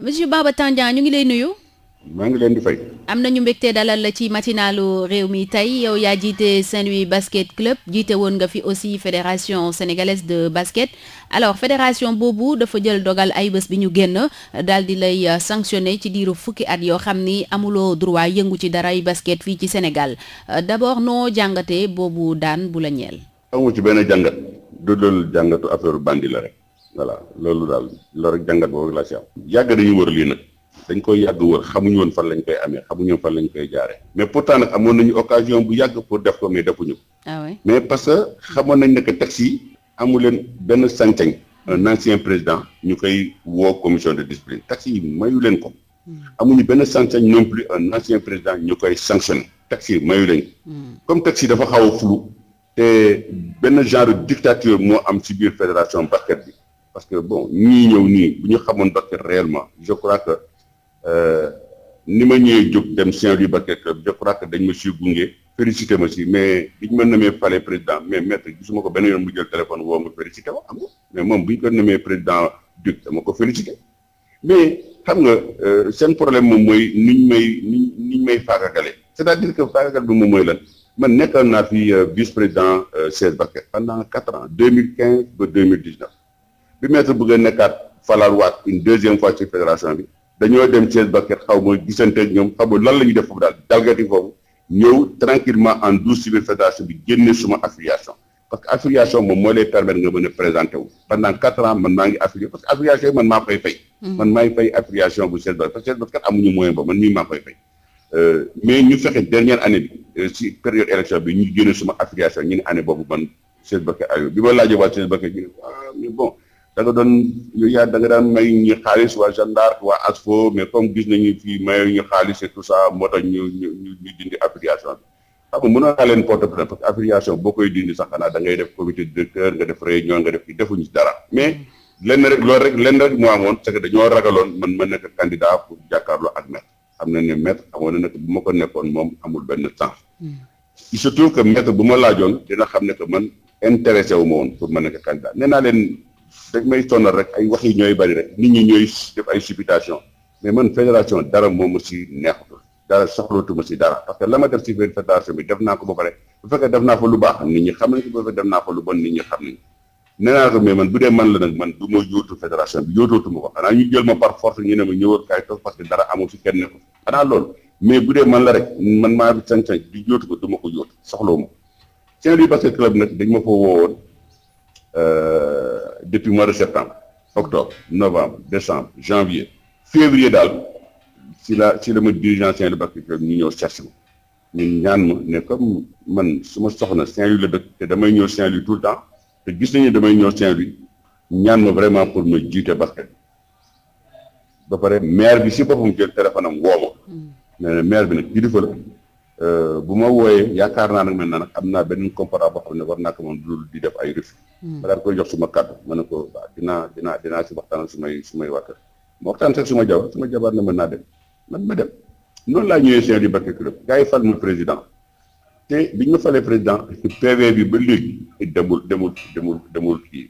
monsieur Baba Tandian ñu ngi lay nuyu. maa ngi leen di fay. am nañu mbégte dalal la ci matinalu réew mi tey yow yaa jiite Saint-Louis basket club jiite woon nga fi aussi fédération sénégalaise de basket alors fédération boobu dafa jël dogal ay bés bi ñu génn daal di lay euh, sanctionné ci diiru fukki at yoo xam ni amuloo droit yëngu ci daray basket fii ci Sénégal euh, d'abord noo jàngatee boobu daan bu la ñeel. amu ci benn jàngat du dul jàngatu affaire bandi la rek. voilà loolu daal loolu rek jàngat boobu laa si am. yàgg dañu wër lii nag dañ koy yàgg wër xamuñu woon fan lañ koy amee xamuñu woon fan lañ koy jaaree. mais pourtant nag amoon nañu occasion bu yàgg pour def ko mais defuñu ah mais parce que xamoon nañ ne que taxi yi amu leen benn sañ-sañ. un ancien président ñu koy woo commission de discipline taxi yi mayu leen ko. Hmm. amuñu benn sañ-sañ non plus un ancien président ñu koy sanctionné. taxi yi mayu leen ko. Hmm. comme taxi dafa xaw te benn genre dictature moo am ci biir fédération basket bi. parce que bon ñii ñëw nii bu ñu xamoon basket réellement je crois que euh, ni ma ñëwee jóg dem Saint-Louis basket club je crois que dañ ma siy gunge félicité ma si mais bi ñu ma nommé fale président mais maître gisuma ko benn yoon mu jël téléphone woo ma félicité ma mais moom bu ñu ko nommé président Duc dama ko félicité mais xam nga euh, seen problème moom mooy ni niñ may niñ ñu may faagagale c'est-à-dire que faagagal bi moom mooy lan man nekkoon naa fi euh, vice président CES basket pendant quatre ans mille quinze ba deux mille dix bi maître bëgg a nekkaat falaat waat une deuxième fois ci fédération bi dañoo dem Thiès Bakel xaw ma gisante ak ñoom xaw ma lan la ñu def foofu daal dalgati foofu ñëw tranquillement en douce ci biir fédération bi génne suma affiliation parce que affiliation moom moo lay permettre nga mën a présenter wu pendant quatre ans man maa ngi affilié parce que affiliation yi man maa koy fay mm-hmm. man maay fay affiliation bu Thiès Bakel parce que Thiès Bakel moyen ba man mii maa koy fay euh, mais ñu fexe dernière année bi euh, ci période élection bi ñu génne man Thiès Bakel ayo bi laajee waa Thiès Bakel da doon yooyu yaa da nga daan may ñu xaalis waa gendarme waa ASFO mais comme gis nañu fii mayu ñu xaalis et tout ça moo tax ñu ñu ñu dindi affiliation bi xam nga mënoo boo koy dindi sax xanaa da ngay def comité directeur nga def réunion def ci dara mais lenn loolu rek lenn moo amoon c'est dañoo ragaloon man ma nekk candidat pour jàkkaarloo ak maître xam na ne maître xamoon na ne ko nekkoon moom amul benn temps hmm. il se bu ma laajoon dina xam ne que man intéressé wu woon pour ma nekk candidat nee naa leen dag may sonal rek ay wax yi ñooy bari rek nit ñi ñooy def ay supputation mais man fédération dara moom ma si neexutul dara soxlootuma si dara parce que la ma def si benn bi def naa ko ba pare bu fekkee naa fa lu baax nit ñi man bu dee man la nag man du ma yóotu fédération bi yóotootuma ko ñu jël ma par force ñu ne ma ñëwoon kaay toog parce que dara amu fi dee man la rek man maa bi sañ-sañ du yóotu ko du ma ko yóotu soxloo ma Saint-Louis basket club nag dañ ma fa woowoon euh, depuis mois de septembre octobre novembre décembre janvier février daal si la si la ma dirigeant Saint-Louis Bakary ñu ñëw cherche ma ñu ñaan ma ne comme man su ma soxna Saint-Louis la dëkk te damay ñëw Saint-Louis tout le temps te gis nañu damay ñëw Saint-Louis ñaan ma vraiment pour ma jiite basket ba pare maire bi si boppam jël téléphone am woo ma mais hmm. maire bi nag kilifa la Euh, bu ma wooyee yaakaar naa nag maintenant nag am naa benn comportement boo xam ne war naa ko moom dul di def ay refus. Hmm. ma daal ma ne ko waaw dinaa dinaa dinaa si waxtaan ak sumay sumay waata ma waxtaan sax suma jabar suma jabar ne mën naa dem man ma dem noonu laa ñëwee Saint-Louis Mbacké Club gars yi fal ma président te bi ñu ma président bi ba léegi demul demul demul demul kii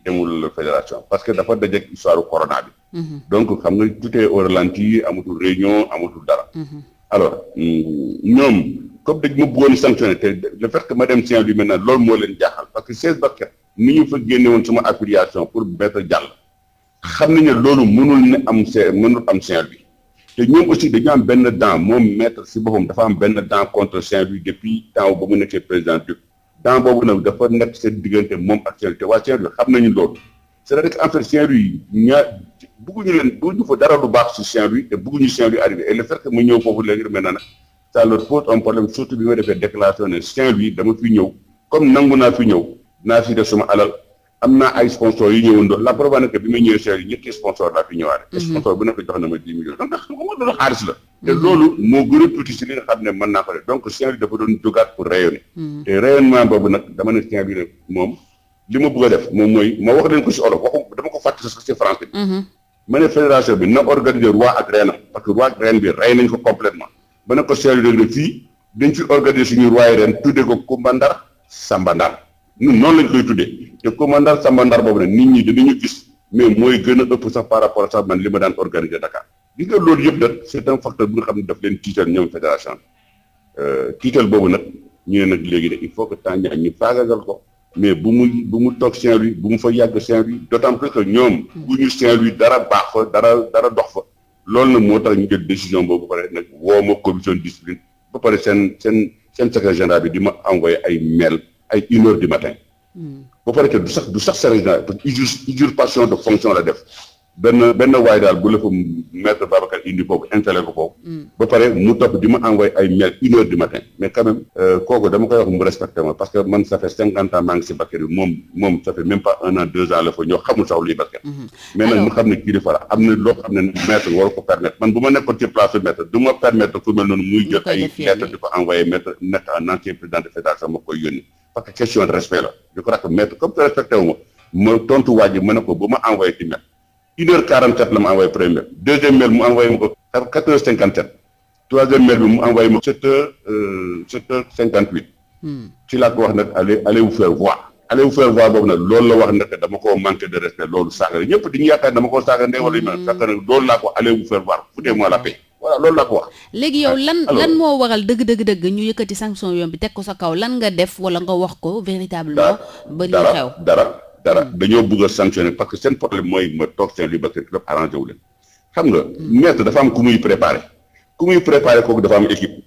parce que dafa dajeek histoire corona bi. Mm-hmm. xam nga tout est au ralenti amatul réunion amatul dara. Mm-hmm. alors mm, ñoom. comme dañ ma bëggoon sanctionné te le fait que ma dem Saint-Louis maintenant loolu moo leen jaaxal parce que 16 barket ni ñu fa génne xam nañ ne loolu mënul ne am Saint mënul am Saint-Louis te ñoom aussi dañu am benn dent moom maître si boppam dafa am benn dent contre Saint-Louis depuis temps ba mu nekkee président du dent boobu nag dafa nekk seen diggante moom ak Saint-Louis te waa nañu loolu c'est-à-dire que en fait Saint-Louis dara lu baax si Saint-Louis te bëgguñu Saint-Louis arrivé et le fait ñëw foofu léegi maintenant nag surtout bi ma defee déclaration ne Saint-Louis dama fi ñëw comme nangu naa fi ñëw naa fi def sama alal am naa ay sponsor yu ñëwoon doon la preuve nag bi ma ñëwee Saint-Louis ñetti sponsor mhm. sponsor bu nekk jox na ma dix millions donc xam nga loolu xaalis la. te loolu moo gën a tuuti si li nga xam ne mën naa ko def donc Saint-Louis dafa doon jógaat pour rayonner. Mhm. te rayonnement boobu nag dama ne Saint-Louis nag moom li ma bëgg a def moom mooy ma wax leen ba ne ko seetlu leen ne fii dañ fi organiser suñu waaye ren tuddee ko Kumba Ndar Samba Ndar ñun noonu lañ koy tuddee te Kumba Ndar boobu nag nit ñi dinañu gis mais mooy gën a ëpp sax par rapport sax man li ma daan organiser Dakar gis nga loolu yëpp nag c'est un xam ne daf leen tiital ñoom fédération bi euh, tiital boobu nag ñu ne nag léegi de il faut que Tandian ñu faagagal ko mais bu mu bu mu toog Saint-Louis bu mu fa yàgg Saint-Louis d'autant plus que ñoom bu ñu Saint-Louis dara baax fa dara dara dox fa loolu nag moo tax ñu jël décision boobu ba pare nag woo ma commission discipline ba pare seen seen seen secrétaire général bi di ma envoyé ay mail ay une heure du matin. Hmm. ba pare que du sax du sax secrétaire général parce que usurpation de fonction la def. benn benn waay daal bu la fa maître indi foofu installé ko foofu. Mm. ba pare mu topp di ma envoyé ay mail une heure du matin. mais quand euh, kooku dama koy wax mu respecté ma parce que man ça fait cinquante maa ngi si basket bi moom moom ça fait même pas un an deux ans la fa mm-hmm. ko permettre man bu ma ci place du ma permettre ku mel noonu. muy jot ay lettre di ko envoyé maître nekk en ancien président de fédération ma koy yónni. parce question de respect la. di ko rax maître comme que tontu waa ma ne ko bu ma envoyé ci maître. une heure quarante sept la ma envoyé premier deuxième mail mu envoyé ma ko quatre heures cinquante sept troisième mail bi mu envoyé ma ko sept heures euh, cinquante huit hmm. ci laa ko wax nag allez allez vous faire voir allez vous faire voir boobu nag loolu la wax nag dama koo manqué de respect loolu saaga la ñëpp dañuy yaakaar dama koo saaga ndey wala yu hmm. mel fekk nag loolu laa ko allez vous faire voir foutez-moi la paix voilà loolu laa ko wax. léegi yow ah, lan lan moo waral dëgg dëgg dëgg ñu yëkkati teg ko sa kaw lan nga def wala nga wax ko véritablement. ba li xew dara dara. dara mm. dañoo bugg a sanctionner parce que seen problème mooy ma toog seen liba kër club arrangé wu leen xam nga mm. maître dafa am ku muy préparé ku muy préparé kooku dafa am équipe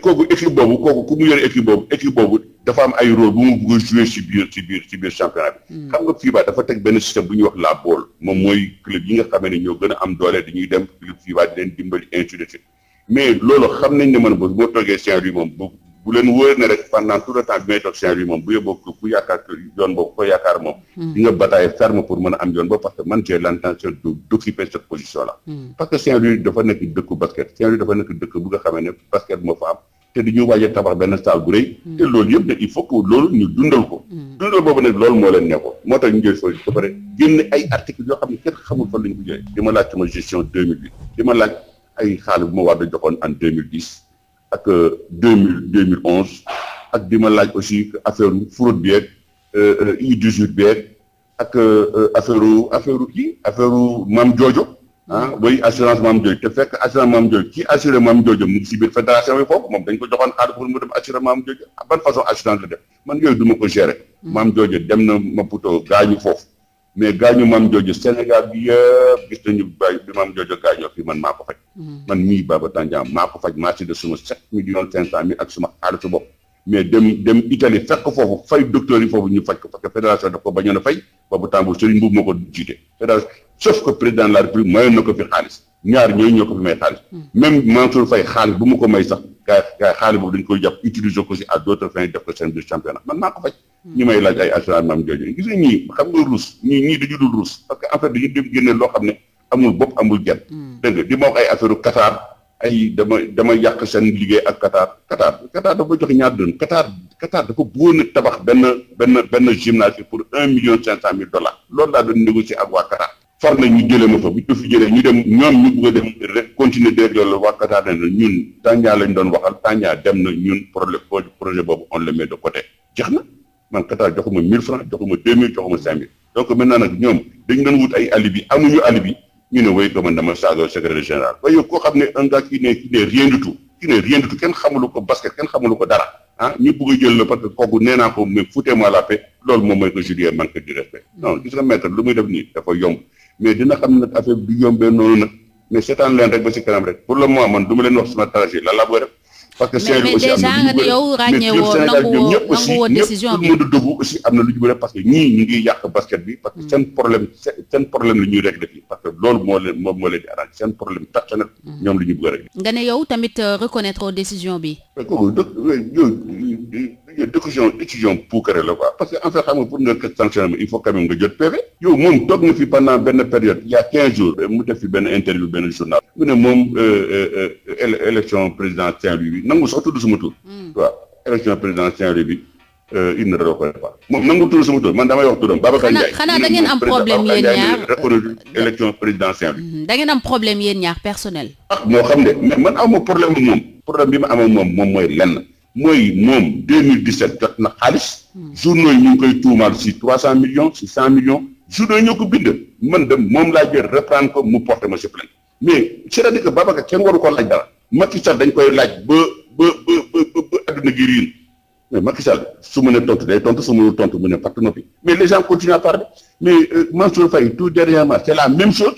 kooku équipe boobu kooku ku mu yore équipe boobu équipe dafa am ay rôle bu mu bëgg a jouer ci biir ci biir ci biir championnat bi mm. xam nga fiiba dafa teg benn système bu ñu wax laa bool moom mooy club yi nga xamee ne ñoo gën a am doole dañuy dem club FIBA di leen dimbali ainsi de suite mais loolu xam nañ ne man boobu moo toogee saint moom boobu bu leen wóor ne rek pendant tout le temps bi may toog Saint-Louis moom bu yóbboo ku yaakaar yoon boobu ko yaakaar moom. Hmm. di nga bataille ferme pour mën a am yoon boobu parce que man j'ai l'intention hmm. a tabax benn salle bu rëy. Hmm. te loolu yëpp nag il faut que loolu ñu dundal ko. dundal boobu nag loolu moo leen nekkoon moo tax ñu soo ba pare génne ay articles yoo xam ne kenn xamul fan la ñu ko jëlee. ma laaj sama gestion 2008 di ma laaj ay xaalis bu ak euh, deux mille deux mille onze ak di ma laaj aussi affaire fraude bi yeeg euh, euh, U 18 bi yeeg ak affaire affaire kii affaire maam joojo ah way mm-hmm. assurance maam joojo te fekk assurance maam joojo kii assuré maam joojo mu ngi si biir fédération bi foofu moom dañ ko joxoon xaalis pour mu dem assuré maam joojo ban façon assurance la def man yooyu du ma ko gérer. Mm-hmm. maam joojo dem na Maputo gaañu foofu. mais gaañu maam jooju Sénégal bi yëpp gis nañu bay bi maam jooju gaañoo fii man maa ko faj mm-hmm. man mii Baba Tandian maa ko faj maa si de suma sept millions cinq cent mille ak suma xaalisu bopp mais dem dem Italie fekk foofu fay docteur yi foofu ñu faj ko parce que fédération daf ko bañoon a fay boobu temps bu Serigne Mbuub moo ko jiite fédération sauf que président de la République mayoon na ko fi xaalis ñaar ñooyu ñoo ko fi may xaalis mm-hmm. même Mansour Faye xaalis bu mu ko may sax gaay gaay xaalis boobu dañ koy jàpp utiliser ko si à d'autres fins def ko seen biir championnat man maa ko faj ñu may laaj ay assurance maam jooju gis nga ñii xam nga ruus ñii ñii dañu ruus parce que en fait dañu dem génne loo xam ne amul bopp amul jën. Hmm. dégg nga di ma wax ay affaire Qatar ay dama dama yàq seen liggéey ak Qatar Qatar Qatar dafa joxe ñaar dërëm Qatar Qatar dafa bëggoon a tabax benn benn benn gymnase pour un million cinq cent mille dollars loolu laa doon négocier ak waa Qatar. far na ñu jëlee ma fa bu ñu ñu dem ñoom ñu bëgg dem rek continuer de loolu waa Qatar ne lañ doon waxal Tandian dem na ñun problème projet boobu on le met de côté jeex na. man Qatar joxuma 1000 francs joxuma 2000 joxuma 5000 donc maintenant nag ñoom dañu doon wut ay alibi amuñu alibi ñu ne way ko man dama saaga secrétaire général koo xam ne un gars qui ne qui ne ko ah, parce que kooku nee ko mais foutez la paix loolu moom mooy que julie manque du respect non gis nga lu muy def nii dafa yomb mais dina xam ne nag affaire du yombee noonu nag mais seetaan leen rek ba si kanam rek pour le moment man du leen wax sama trajet la laa bëgg a def parce que Saint-Louis aussi am na lu aussi ñëpp mën a dëggu aussi am na lu ñu bëri parce que ñii ñu ngi yàq basket bi parce que mm. seen problème seen problème la ñuy régler fii parce que loolu moo leen moom moo leen di arrangé seen problème mm. ñoom la ñu bëgg a nga ne yow tamit euh, reconnaître décision bi yow décision décision puukare la quoi parce que en fait xam nga pour nga ko sanctionner il faut quand même nga jot PV yow moom toog na fi pendant benn période il y a quinze jours mu def fi benn interview benn journal mu ne moom euh, euh, euh, élection président saint bi nangu sax tudd sama tur hmm. waaw élection président saint bi il ne reconnaît pas moom nangu tudd sama tur man damay wax turam Babacar Ndiaye xanaa da hmm, am problème yéen ñaar reconnaître ah, élection ma problème moom moom moom mooy lenn mooy moom 2017 jot na xaalis. Hmm. journaux yi ñu ngi koy tuumaal si 300 millions si 100 millions journaux yi ñoo ko bind man de moom laa jël reprendre ko mu porté ma si plainte mais c'est-à-dire kenn waru ko laaj dara Macky Sall dañ koy laaj ba ba ba ba ba adduna gi riin mais Macky Sall su ma nee tontu day tontu su ma nee tontu mu ne fàtte noppi mais les gens continuent à parler mais euh, Mansour Faye tout dernièrement c'est la même chose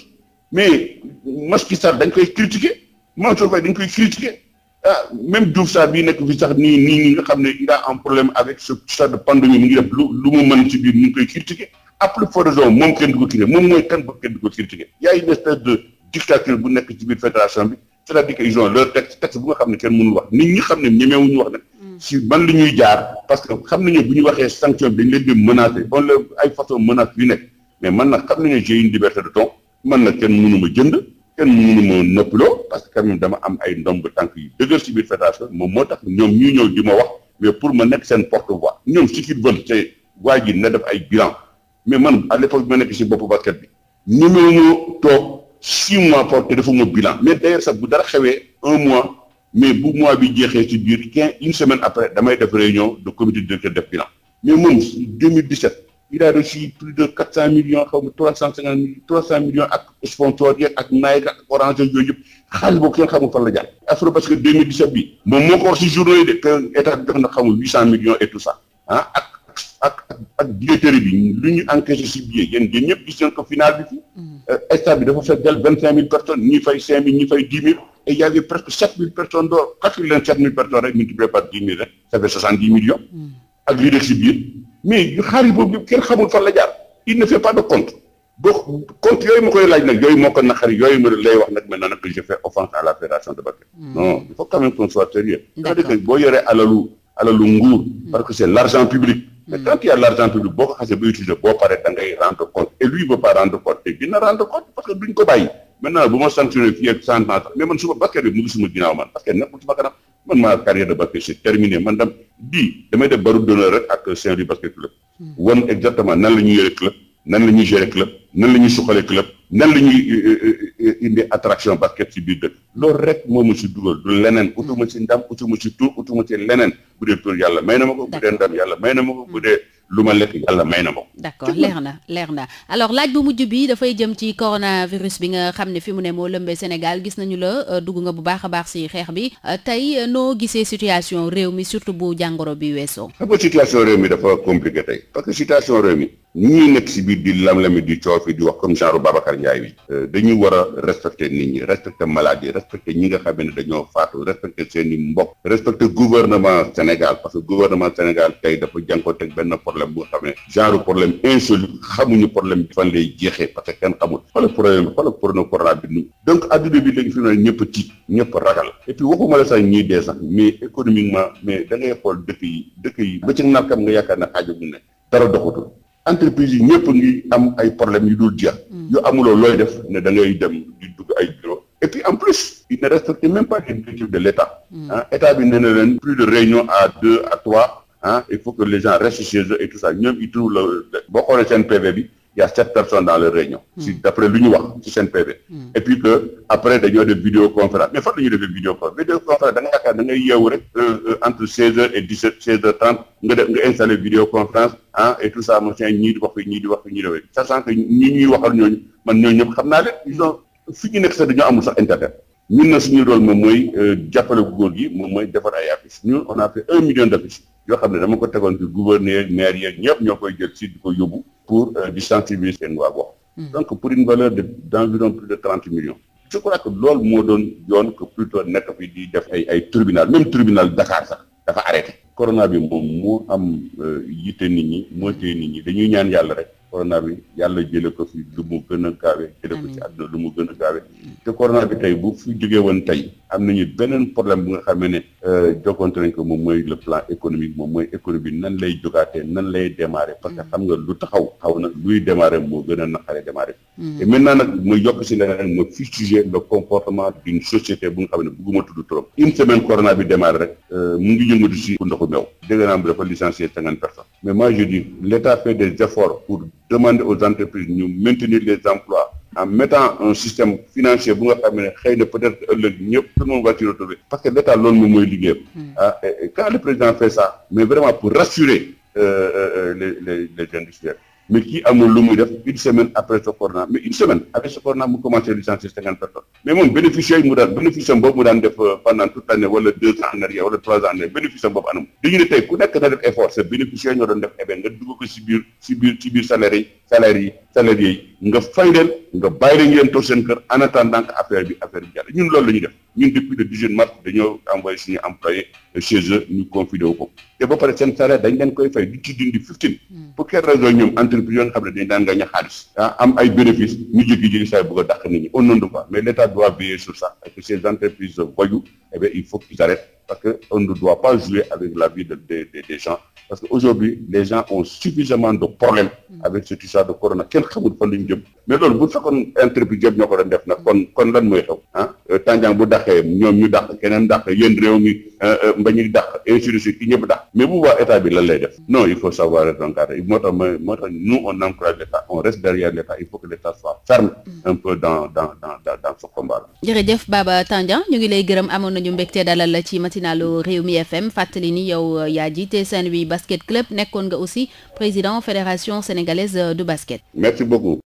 mais Macky Sall dañ koy critiquer Mansour Faye dañ koy critiquer. ah même Diouf Sarr bii nekk fi sax nii nii nga xam ne il a un problème avec ce stade de pandémie mu ngi def lu lu mu mën ci biir ñu ngi koy critiquer à plus forte raison moom kenn du ko critiquer moom mooy kan kenn du ko critiquer y a de dictature bu nekk ci biir fédération bi c'est-à-dire leur texte texte bu nga xam ne kenn mënul wax nit ñi xam ne ñemewuñu wax nag mm. si man li ñuy jaar parce que xam nañu bu ñu waxee sanction bi dañ leen di menacer on la ay façon mais man nag xam nañu j'ai une liberté de ton man nag kenn jënd kenn mënu ma nëppaloo parce que quand dama am ay ndomb tànk yu dëgër ci biir fédération moom moo tax ñoom ñuy ñëw di ma wax mais pour ma nekk seen porte-voix ñoom si kii bëgg te waa ji na def ay bilan mais man à l'époque bi ma nekk si bopp basket bi ñu mënoo toog six mois porte defuma bilan mais d'ailleurs sax bu dara xewee un mois mais bu mois bi jeexee ci biir quinze une semaine après damay def réunion de comité directeur def bilan mais moom 2017. il a reçu plus de quatre cent millions xaw ma trois cent cent millions ak sponsor yeeg ak Nike ak Orange yooyu yëpp xaalis boobu kenn xamul fan la jaar. afro parce que 2017 bi moom moo ko wax si journaux de que état jox na xamul huit cent millions et tout ça ah, ak ak ak billetterie bi lu ñu encaissé si billet yéen yéen ñëpp gis nañ ko final bi fii. Mm-hmm. Euh, stade bi dafa fekk del vingt cinq mille personnes ñii fay cinq mille ñii fay dix mille. et y avait presque mais xaalis boobu kenn xamul fan la jaar il ne fait pas de compte boo yooyu ma koy laaj nag yooyu moo ko naqari yooyu ma lay wax nag maintenant nag je fais offense à la fédération de basket. Hmm. non quand même qu'on sérieux. boo yoree alalu nguur. Hmm. parce que c'est l'argent public. Hmm. mais tant qu'il y a l'argent public boo ko xasee ba utiliser boo paree da ngay rendre compte et lui il pas rendre compte te dina rendre compte parce que duñ ko bàyyi. maintenant bu ma sanctionné fii ak man ma carrière de basket c'est terminé man dam bii damay def baru d'honneur rek ak Saint-Louis basket club. wan exactement nan la ñuy yore club nan la ñuy gérer club nan la ñuy suqalee club nan la ñuy euh, euh, euh, indi attraction basket si biir dëkk loolu rek moom ma si dugal du leneen utuma si ndam utuma si tur utuma si leneen bu dee tur yàlla may na ma ko bu dee ndam yàlla may na ma ko bu dee. lu ma lekk yàlla may na ma ko. d'accord leer na leer na alors laaj bu mujj bi dafay jëm ci coronavirus bi nga xam ne fi mu ne moo lëmbee Sénégal gis nañu la euh, dugg nga bu baax a baax si xeex bi euh, tey euh, noo gisee situation réew mi surtout bu jàngoro bi weesoo. xam nga situation réew mi dafa compliqué tey parce que réew mi. ñi nekk si biir di lam-lami di coow fi di wax comme genre Babacar Ndiaye bi euh, dañu war a respecter nit ñi respecter maladie respecter ñi nga xam ne dañoo faatu respecter seen i mbokk respecter gouvernement Sénégal parce que gouvernement Sénégal tey dafa jànkoo teg benn problème bu nga xam ne genre problème insolu xamuñu problème bi fa lay jeexee parce que kenn xamul xoolal problème xoolal problème corona bi nu donc adduna bi léegi fi mu ne ñëpp tiit ñëpp ragal et puis waxuma la sax ñuy sax mais économiquement mais da ngay xool dëkk yi dëkk yi ba ci nga yaakaar ne xaajo bu ne dara entreprise yi ñëpp ngi am ay problème yu dul jeex. Mm. yu amuloo looy def ne da ngay dem di dugg ay bureau et puis en plus il ne respecte même pas les directives de l' état. Mm. ah état bi nee na leen plus de réunion à deux à trois ah il faut que les gens restent chez tout ça ñoom ils trouvent le boo xoolee seen PV bi. y a sept personnes dans leur réunion. Hmm. si d'après lu ñu wax ci seen PV. Hmm. et puis que après dañoo def vidéoconférence mais fan la ñuy defee vidéoconférence vidéoconférence da nga yaakaar da ngay yeewu rek euh, euh, entre seize heures et dix sept seize heures trente nga def nga installé vidéoconférence ah et tout ça monsieur ñii di wax fi ñii di wax fi ñii di wax sachant que ñi ñuy waxal ñooñu man ñooñu ñëpp xam naa leen. ils ont fi ñu nekk sax dañoo amul sax internet. ñun na suñu rôle moom mooy euh, jàppale góor gi moom mooy defar ay affiches ñun on yoo xam ne dama ko tegoon ci gouverneur maire yeeg ñëpp ñoo koy jël si di ko yóbbu pour euh, di sensibiliser seen waa gox hmm. donc pour une valeur de d'environ plus de trente millions je crois que loolu moo doon yoon que plutôt nekk fi di def ay ay tribunal même tribunal Dakar sax dafa arrêté corona bi moom moo am euh, yitte nit ñi moo nit ñi dañuy ñaan yàlla rek corona bi yàlla jële ko fi lu mu gën a gaawe jële ko ci àdduna lu mu gën a gaawe te corona bi tey bu fi jógee woon tey am na ñu beneen problème bu nga xamee ne euh, jokkoonte nañ ko moom mooy le plan économique moom mooy économie nan lay jógaatee nan lay démarrer parce que mm. xam nga lu taxaw xaw na luy démarrer moo gën a naqaree démarrer mm. te maintenant nag mu yokk si leneen ma fustiger le comportement d'une société bu nga xam ne bugguma tudd trop une semaine corona bi démarré rek euh, mu ngi yëngatu si ku ndoxu meew dégg naa dafa licencier cinquante personnes mais moi je dis l'état demande aux entreprises ñu maintenir les emplois en mettant un système financier bu nga ne xëy na peut-être ëllëg ñëpp tout le monde va s'y retrouver parce que l'État loolu moom mooy liggéeyam. Hmm. ah quand le président fait ça mais vraiment pour rassurer euh, euh, euh les les les industriels. mais kii amul lu muy def une semaine après Sokorna mais une semaine avec Sokorna mu commencé licencier cinquante personnes mais moom bénéfice yooyu mu daan bénéfice am mu daan def euh, pendant toute l'année wala deux ans en arrière wala trois ans en arrière bénéfice am boobu anam dañu ku nekk na def effort sa bénéfice yooyu ñoo doon def eben nga dugg ko si biir si biir si biir yi salarié yi nga fay leen nga bàyyi leen ngeen toog seen kër en attendant que affaire bi affaire bi jàll ñun loolu la ñuy def ñun depuis le 18 mars dañoo envoyé suñu employé chez eux ñu confiné wu ko te ba pare seen salaire dañ leen koy fay du ci dindi 15 hmm. pour quelle raison ñoom entreprise yoo xam ne dañ daan nga ña xaalis ah am ay bénéfice ñu jékki-jékki saa bëgg a dàq nit ñi au nom mais l' état doit veiller sur ça parce que ces entreprises eh il faut parce qu'on ne doit pas jouer avec la vie de, des gens. Parce qu'aujourd'hui, les gens ont suffisamment de problèmes avec ce tucha de corona. Quel xamul fan mais loolu bu fekkoon entreprise yëpp ñoo ko doon def nag kon kon lan mooy xew ah euh, tànjang bu dàqee ñoom ñu dàq keneen dàq yéen réew mi mbañu euh, euh, dàq ainsi de suite ki ñëpp dàq mais bu boobaa état bi lan lay def non il faut savoir être encadré moo tax moo tax nous on encourage l'état on reste derrière l'état il faut que l'état soit ferme mm. un peu dans dans dans dans, dans ce jërëjëf Baba Tandian ñu ngi lay gërëm amoon nañu mbégte dalal la ci matinalu Rewmi FM fàttali ni yow euh, yaa jiite Saint-Louis Basket Club nekkoon nga aussi président fédération sénégalaise de basket merci beaucoup